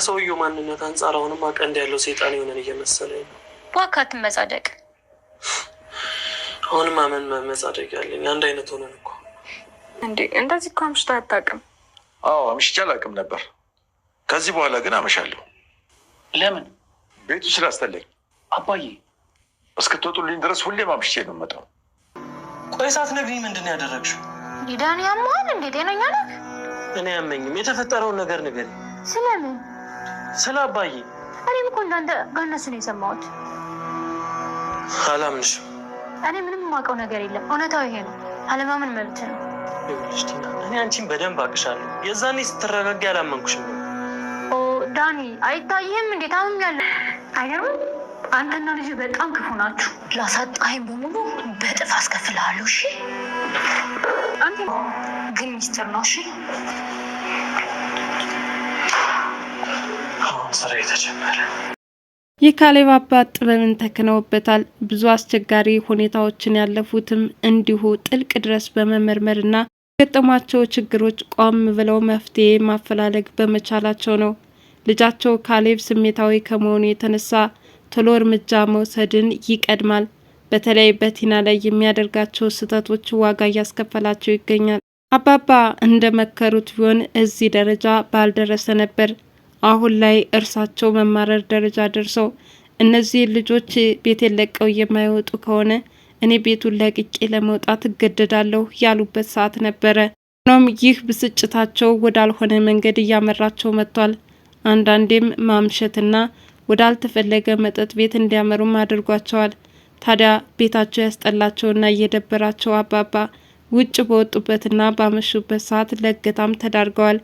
ከሰውየው ማንነት አንጻር አሁንም አቀንድ ያለው ሴጣን የሆነን እየመሰለ ነው። እባክህ አትመጻደቅ። አሁንም አመን መመጻደቅ ያለኝ አንድ አይነት ሆነን እኮ እንዴ! እንደዚህ እኮ አምሽቶ አታውቅም። አዎ አምሽቼ አላውቅም ነበር። ከዚህ በኋላ ግን አመሻለሁ። ለምን? ቤቱ ስላስተለኝ። አባዬ እስክትወጡልኝ ድረስ ሁሌም አምሽቼ ነው የምመጣው። ቆይ ሳትነግሪኝ ምንድን ነው ያደረግሽው? ሊዳን ያመዋል እንዴ? ጤነኛ ነህ? እኔ አያመኝም። የተፈጠረውን ነገር ንገሪኝ። ስለምን? ስለ አባዬ እኔም እኮ እንዳንተ ጋነስ ነው የሰማሁት። አላምንሽም። እኔ ምንም የማውቀው ነገር የለም። እውነታው ይሄ ነው። አለማመን መብት ነው። እኔ አንቺን በደንብ አቅሻለሁ። የዛኔ ስትረጋጊ ኦ ዳኒ አይታይህም እንዴት አሁም ያለ አይገርም። አንተና ልጅ በጣም ክፉ ናችሁ። ላሳጣኸኝ በሙሉ በጥፍ አስከፍልሃለሁ። እሺ? ግን ሚስጥር ነው። እሺ? አሁን ስራ የተጀመረ የካሌብ አባት ጥበብን ተክነውበታል። ብዙ አስቸጋሪ ሁኔታዎችን ያለፉትም እንዲሁ ጥልቅ ድረስ በመመርመርና የገጠሟቸው ችግሮች ቆም ብለው መፍትሄ ማፈላለግ በመቻላቸው ነው። ልጃቸው ካሌብ ስሜታዊ ከመሆኑ የተነሳ ቶሎ እርምጃ መውሰድን ይቀድማል። በተለይ በቲና ላይ የሚያደርጋቸው ስህተቶች ዋጋ እያስከፈላቸው ይገኛል። አባባ እንደመከሩት ቢሆን እዚህ ደረጃ ባልደረሰ ነበር። አሁን ላይ እርሳቸው መማረር ደረጃ ደርሰው እነዚህ ልጆች ቤቴን ለቀው የማይወጡ ከሆነ እኔ ቤቱን ለቅቄ ለመውጣት እገደዳለሁ ያሉበት ሰዓት ነበረ። ሆኖም ይህ ብስጭታቸው ወዳልሆነ መንገድ እያመራቸው መጥቷል። አንዳንዴም ማምሸትና ወዳልተፈለገ መጠጥ ቤት እንዲያመሩም አድርጓቸዋል። ታዲያ ቤታቸው ያስጠላቸውና እየደበራቸው አባባ ውጭ በወጡበትና ባመሹበት ሰዓት ለእገታም ተዳርገዋል።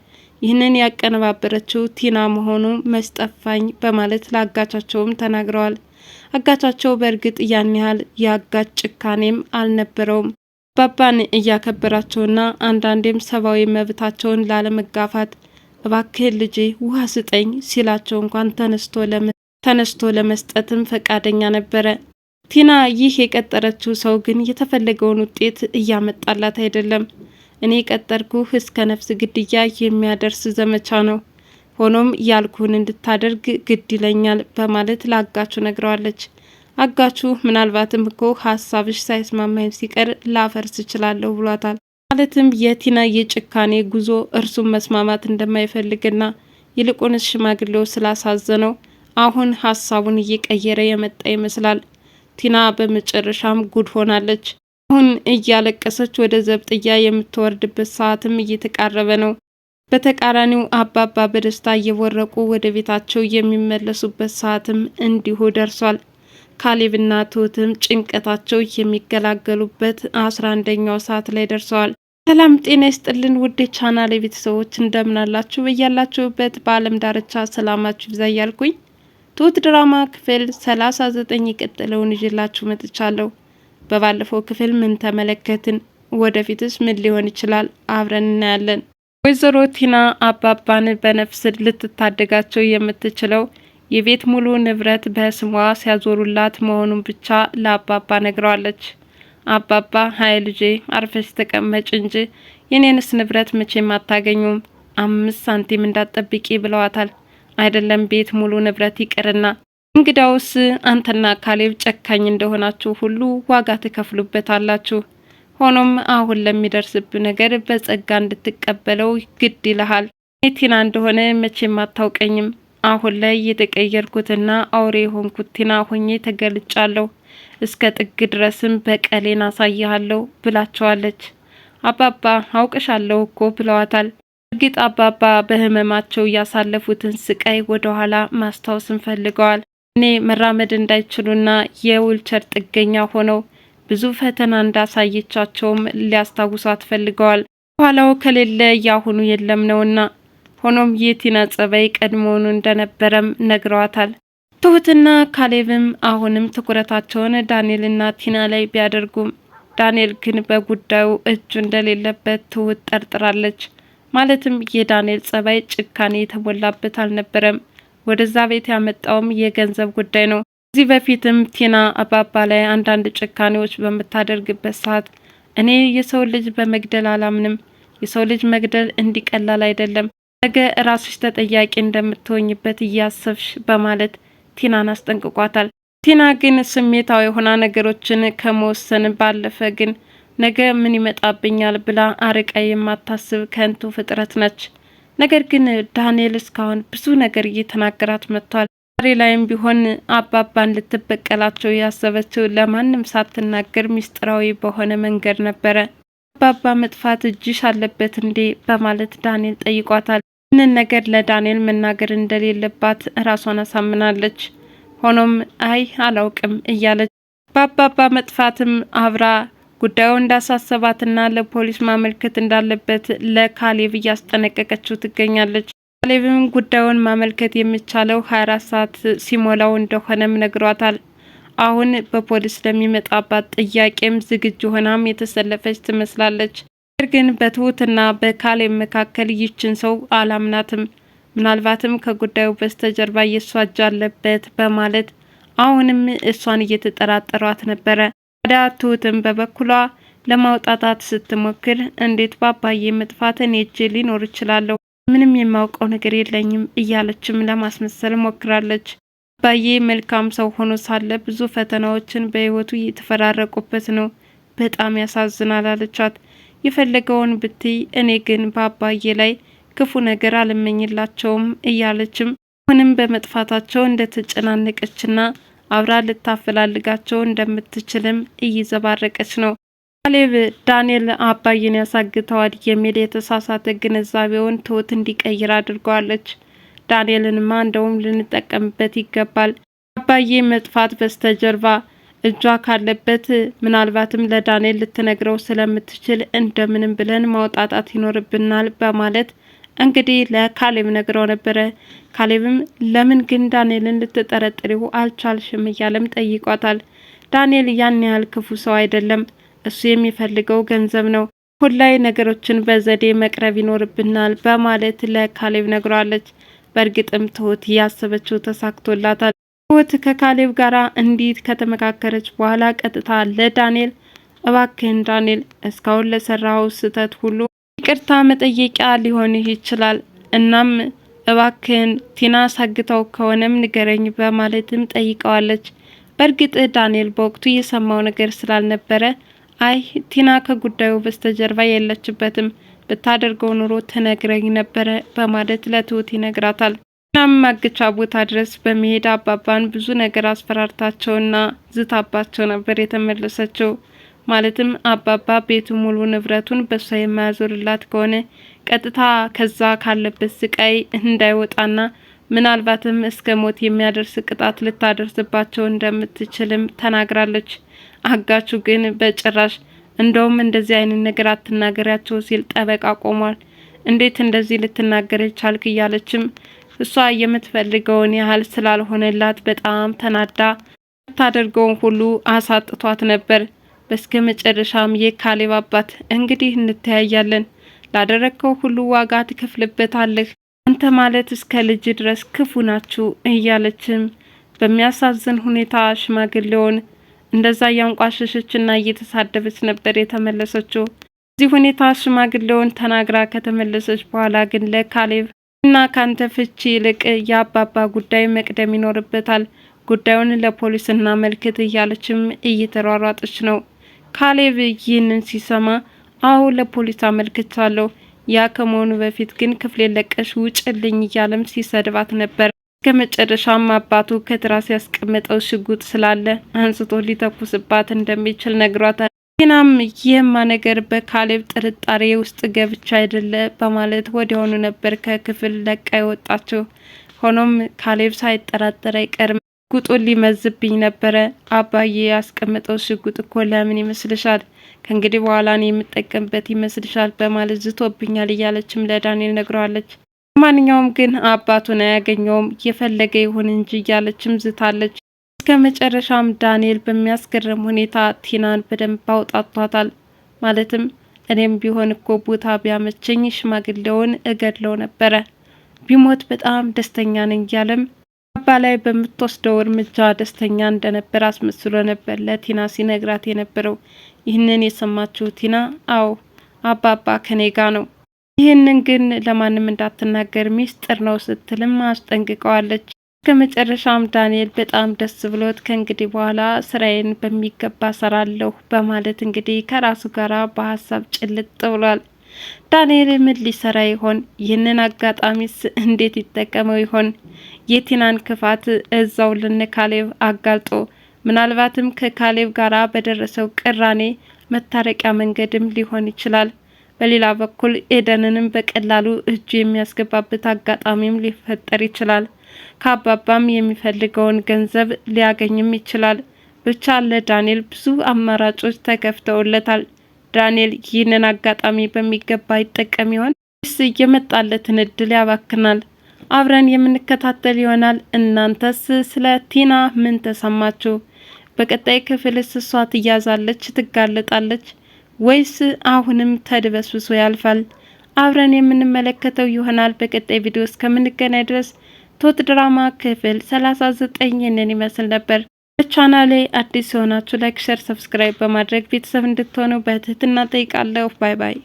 ይህንን ያቀነባበረችው ቲና መሆኑ መስጠፋኝ በማለት ለአጋቻቸውም ተናግረዋል። አጋቻቸው በእርግጥ ያን ያህል የአጋች ጭካኔም አልነበረውም። ባባን እያከበራቸውና አንዳንዴም ሰብአዊ መብታቸውን ላለመጋፋት እባክህ ልጄ ውሃ ስጠኝ ሲላቸው እንኳን ተነስቶ ለመስጠትም ፈቃደኛ ነበረ። ቲና ይህ የቀጠረችው ሰው ግን የተፈለገውን ውጤት እያመጣላት አይደለም። እኔ የቀጠርኩህ እስከ ነፍስ ግድያ የሚያደርስ ዘመቻ ነው። ሆኖም ያልኩህን እንድታደርግ ግድ ይለኛል በማለት ለአጋቹ ነግረዋለች። አጋቹ ምናልባትም እኮ ሀሳብሽ ሳይስማማኝ ሲቀር ላፈርስ እችላለሁ ብሏታል። ማለትም የቲና የጭካኔ ጉዞ እርሱን መስማማት እንደማይፈልግና ይልቁንስ ሽማግሌው ስላሳዘነው አሁን ሀሳቡን እየቀየረ የመጣ ይመስላል። ቲና በመጨረሻም ጉድ ሆናለች። አሁን እያለቀሰች ወደ ዘብጥያ የምትወርድበት ሰዓትም እየተቃረበ ነው። በተቃራኒው አባባ በደስታ እየቦረቁ ወደ ቤታቸው የሚመለሱበት ሰዓትም እንዲሁ ደርሷል። ካሌብና ትሁትም ጭንቀታቸው የሚገላገሉበት አስራ አንደኛው ሰዓት ላይ ደርሰዋል። ሰላም ጤና ይስጥልን ውድ የቻናሌ ቤተሰቦች እንደምናላችሁ በያላችሁበት በዓለም ዳርቻ ሰላማችሁ ይብዛ እያልኩኝ ትሁት ድራማ ክፍል ሰላሳ ዘጠኝ የቀጠለውን ይዤላችሁ መጥቻለሁ። በባለፈው ክፍል ምን ተመለከትን? ወደፊትስ ምን ሊሆን ይችላል? አብረን እናያለን። ወይዘሮ ቲና አባባን በነፍስ ልትታደጋቸው የምትችለው የቤት ሙሉ ንብረት በስሟ ሲያዞሩላት መሆኑን ብቻ ለአባባ ነግረዋለች። አባባ ሀይ ልጄ አርፈሽ ተቀመጭ እንጂ የኔንስ ንብረት መቼም አታገኙም፣ አምስት ሳንቲም እንዳትጠብቂ ብለዋታል። አይደለም ቤት ሙሉ ንብረት ይቅርና እንግዳውስ አንተና ካሌብ ጨካኝ እንደሆናችሁ ሁሉ ዋጋ ትከፍሉበታላችሁ። ሆኖም አሁን ለሚደርስብ ነገር በጸጋ እንድትቀበለው ግድ ይልሃል። ቲና እንደሆነ መቼም አታውቀኝም። አሁን ላይ የተቀየርኩትና አውሬ የሆንኩት ቲና ሆኜ ተገልጫለሁ። እስከ ጥግ ድረስም በቀሌን አሳይሃለሁ ብላቸዋለች። አባባ አውቅሻለሁ እኮ ብለዋታል። እርግጥ አባባ በህመማቸው ያሳለፉትን ስቃይ ወደ ኋላ ማስታወስን ፈልገዋል። እኔ መራመድ እንዳይችሉና የዊልቸር ጥገኛ ሆነው ብዙ ፈተና እንዳሳየቻቸውም ሊያስታውሳት ፈልገዋል። ኋላው ከሌለ ያሁኑ የለም ነውና። ሆኖም የቲና ጸባይ ቀድሞውኑ እንደነበረም ነግረዋታል። ትሁትና ካሌብም አሁንም ትኩረታቸውን ዳንኤልና ቲና ላይ ቢያደርጉም ዳንኤል ግን በጉዳዩ እጁ እንደሌለበት ትሁት ጠርጥራለች። ማለትም የዳንኤል ጸባይ ጭካኔ የተሞላበት አልነበረም። ወደዛ ቤት ያመጣውም የገንዘብ ጉዳይ ነው። ከዚህ በፊትም ቲና አባባ ላይ አንዳንድ ጭካኔዎች በምታደርግበት ሰዓት እኔ የሰው ልጅ በመግደል አላምንም፣ የሰው ልጅ መግደል እንዲቀላል አይደለም፣ ነገ እራስሽ ተጠያቂ እንደምትሆኝበት እያሰብሽ በማለት ቲናን አስጠንቅቋታል። ቲና ግን ስሜታዊ የሆና ነገሮችን ከመወሰን ባለፈ ግን ነገ ምን ይመጣብኛል ብላ አርቃ የማታስብ ከንቱ ፍጥረት ነች። ነገር ግን ዳንኤል እስካሁን ብዙ ነገር እየተናገራት መጥቷል። ዛሬ ላይም ቢሆን አባባን ልትበቀላቸው ያሰበችው ለማንም ሳትናገር ሚስጥራዊ በሆነ መንገድ ነበረ። አባባ መጥፋት እጅሽ አለበት እንዴ በማለት ዳንኤል ጠይቋታል። ይህንን ነገር ለዳንኤል መናገር እንደሌለባት ራሷን አሳምናለች። ሆኖም አይ አላውቅም እያለች በአባባ መጥፋትም አብራ ጉዳዩ እንዳሳሰባትና ለፖሊስ ማመልከት እንዳለበት ለካሌቭ እያስጠነቀቀችው ትገኛለች። ካሌቭም ጉዳዩን ማመልከት የሚቻለው 24 ሰዓት ሲሞላው እንደሆነም ነግሯታል። አሁን በፖሊስ ለሚመጣባት ጥያቄም ዝግጁ ሆናም የተሰለፈች ትመስላለች። ነገር ግን በትሁትና በካሌብ መካከል ይችን ሰው አላምናትም ምናልባትም ከጉዳዩ በስተጀርባ እየሷ እጅ አለበት በማለት አሁንም እሷን እየተጠራጠሯት ነበረ። ታዲያ ትሁትም በበኩሏ ለማውጣታት ስትሞክር እንዴት በአባዬ መጥፋት እኔ እጅ ሊኖር እችላለሁ ምንም የማውቀው ነገር የለኝም እያለችም ለማስመሰል ሞክራለች። አባዬ መልካም ሰው ሆኖ ሳለ ብዙ ፈተናዎችን በህይወቱ እየተፈራረቁበት ነው። በጣም ያሳዝናል አለቻት። የፈለገውን ብትይ እኔ ግን በአባዬ ላይ ክፉ ነገር አልመኝላቸውም እያለችም አሁንም በመጥፋታቸው እንደተጨናነቀችና አብራ ልታፈላልጋቸው እንደምትችልም እየዘባረቀች ነው። ካሌብ ዳንኤል አባይን ያሳግተዋል የሚል የተሳሳተ ግንዛቤውን ትሁት እንዲቀይር አድርገዋለች። ዳንኤልንማ እንደውም ልንጠቀምበት ይገባል። አባዬ መጥፋት በስተጀርባ እጇ ካለበት ምናልባትም ለዳንኤል ልትነግረው ስለምትችል እንደምንም ብለን ማውጣጣት ይኖርብናል በማለት እንግዲህ ለካሌብ ነግረው ነበረ። ካሌብም ለምን ግን ዳንኤልን ልትጠረጥሪው አልቻልሽም እያለም ጠይቋታል። ዳንኤል ያን ያህል ክፉ ሰው አይደለም። እሱ የሚፈልገው ገንዘብ ነው። ሁላይ ነገሮችን በዘዴ መቅረብ ይኖርብናል በማለት ለካሌብ ነግሯለች። በእርግጥም ትሁት እያሰበችው ተሳክቶላታል። ትሁት ከካሌብ ጋር እንዲት ከተመካከረች በኋላ ቀጥታ ለዳንኤል እባክህን ዳንኤል እስካሁን ለሰራኸው ስህተት ሁሉ ይቅርታ መጠየቂያ ሊሆንህ ይችላል። እናም እባክህን ቲና ሳግተው ከሆነም ንገረኝ በማለትም ጠይቀዋለች። በእርግጥ ዳንኤል በወቅቱ የሰማው ነገር ስላልነበረ አይ ቲና ከጉዳዩ በስተጀርባ የለችበትም ብታደርገው ኑሮ ትነግረኝ ነበረ በማለት ለትሁት ይነግራታል። ቲናም ማግቻ ቦታ ድረስ በመሄድ አባባን ብዙ ነገር አስፈራርታቸውና ዝታባቸው ነበር የተመለሰችው። ማለትም አባባ ቤቱ ሙሉ ንብረቱን በሷ የማያዞርላት ከሆነ ቀጥታ ከዛ ካለበት ስቃይ እንዳይወጣና ምናልባትም እስከ ሞት የሚያደርስ ቅጣት ልታደርስባቸው እንደምትችልም ተናግራለች። አጋቹ ግን በጭራሽ እንደውም እንደዚህ አይነት ነገር አትናገሪያቸው ሲል ጠበቃ ቆሟል። እንዴት እንደዚህ ልትናገር ቻልክ? እያለችም እሷ የምትፈልገውን ያህል ስላልሆነላት በጣም ተናዳ የምታደርገውን ሁሉ አሳጥቷት ነበር። በስከ መጨረሻም የካሌብ አባት እንግዲህ እንተያያለን፣ ላደረግከው ሁሉ ዋጋ ትከፍልበታለህ፣ አንተ ማለት እስከ ልጅ ድረስ ክፉ ናችሁ እያለችም በሚያሳዝን ሁኔታ ሽማግሌውን እንደዛ እያንቋሸሸችና እየተሳደበች ነበር የተመለሰችው። እዚህ ሁኔታ ሽማግሌውን ተናግራ ከተመለሰች በኋላ ግን ለካሌብ እና ካንተ ፍቺ ይልቅ የአባባ ጉዳይ መቅደም ይኖርበታል ጉዳዩን ለፖሊስ እናመልክት እያለችም እየተሯሯጠች ነው። ካሌብ ይህንን ሲሰማ አሁን ለፖሊስ አመልክቻለሁ፣ ያ ከመሆኑ በፊት ግን ክፍል ለቀሽ ውጭልኝ እያለም ሲሰድባት ነበር። እስከ መጨረሻም አባቱ ከትራስ ያስቀመጠው ሽጉጥ ስላለ አንስቶ ሊተኩስባት እንደሚችል ነግሯታል። ግናም ይህማ ነገር በካሌብ ጥርጣሬ ውስጥ ገብቻ አይደለ በማለት ወዲያውኑ ነበር ከክፍል ለቃ የወጣችው። ሆኖም ካሌብ ሳይጠራጠር አይቀርም። ሽጉጡን ሊመዝብኝ ነበረ። አባዬ ያስቀመጠው ሽጉጥ እኮ ለምን ይመስልሻል? ከእንግዲህ በኋላ እኔ የምጠቀምበት ይመስልሻል? በማለት ዝቶብኛል እያለችም ለዳንኤል ነግረዋለች። ማንኛውም ግን አባቱን አያገኘውም የፈለገ ይሁን እንጂ እያለችም ዝታለች። እስከ መጨረሻም ዳንኤል በሚያስገርም ሁኔታ ቲናን በደንብ አውጣቷታል። ማለትም እኔም ቢሆን እኮ ቦታ ቢያመቸኝ ሽማግሌውን እገድለው ነበረ ቢሞት በጣም ደስተኛ ነኝ እያለም በአባ ላይ በምትወስደው እርምጃ ደስተኛ እንደነበር አስመስሎ ነበር ለቲና ሲነግራት የነበረው። ይህንን የሰማችው ቲና አዎ አባባ ከኔ ጋ ነው፣ ይህንን ግን ለማንም እንዳትናገር ሚስጥር ነው ስትልም አስጠንቅቀዋለች። ከመጨረሻም ዳንኤል በጣም ደስ ብሎት ከእንግዲህ በኋላ ስራዬን በሚገባ ሰራለሁ በማለት እንግዲህ ከራሱ ጋራ በሀሳብ ጭልጥ ብሏል። ዳንኤል ምን ሊሰራ ይሆን? ይህንን አጋጣሚስ እንዴት ይጠቀመው ይሆን? የቲናን ክፋት እዛው ልንካሌብ አጋልጦ ምናልባትም ከካሌብ ጋር በደረሰው ቅራኔ መታረቂያ መንገድም ሊሆን ይችላል። በሌላ በኩል ኤደንንም በቀላሉ እጁ የሚያስገባበት አጋጣሚም ሊፈጠር ይችላል። ከአባባም የሚፈልገውን ገንዘብ ሊያገኝም ይችላል። ብቻ ለዳንኤል ብዙ አማራጮች ተከፍተውለታል። ዳንኤል ይህንን አጋጣሚ በሚገባ ይጠቀም ይሆን ወይስ የመጣለትን እድል ያባክናል? አብረን የምንከታተል ይሆናል። እናንተስ ስለ ቲና ምን ተሰማችሁ? በቀጣይ ክፍል እሷ ትያዛለች፣ ትጋለጣለች ወይስ አሁንም ተድበስብሶ ያልፋል? አብረን የምንመለከተው ይሆናል። በቀጣይ ቪዲዮ እስከምንገናኝ ድረስ ትሁት ድራማ ክፍል ሰላሳ ዘጠኝ ይህንን ይመስል ነበር። በቻናሌ አዲስ የሆናችሁ ላይክ፣ ሸር፣ ሰብስክራይብ በማድረግ ቤተሰብ እንድትሆኑ በትህትና ጠይቃለሁ። ባይ ባይ።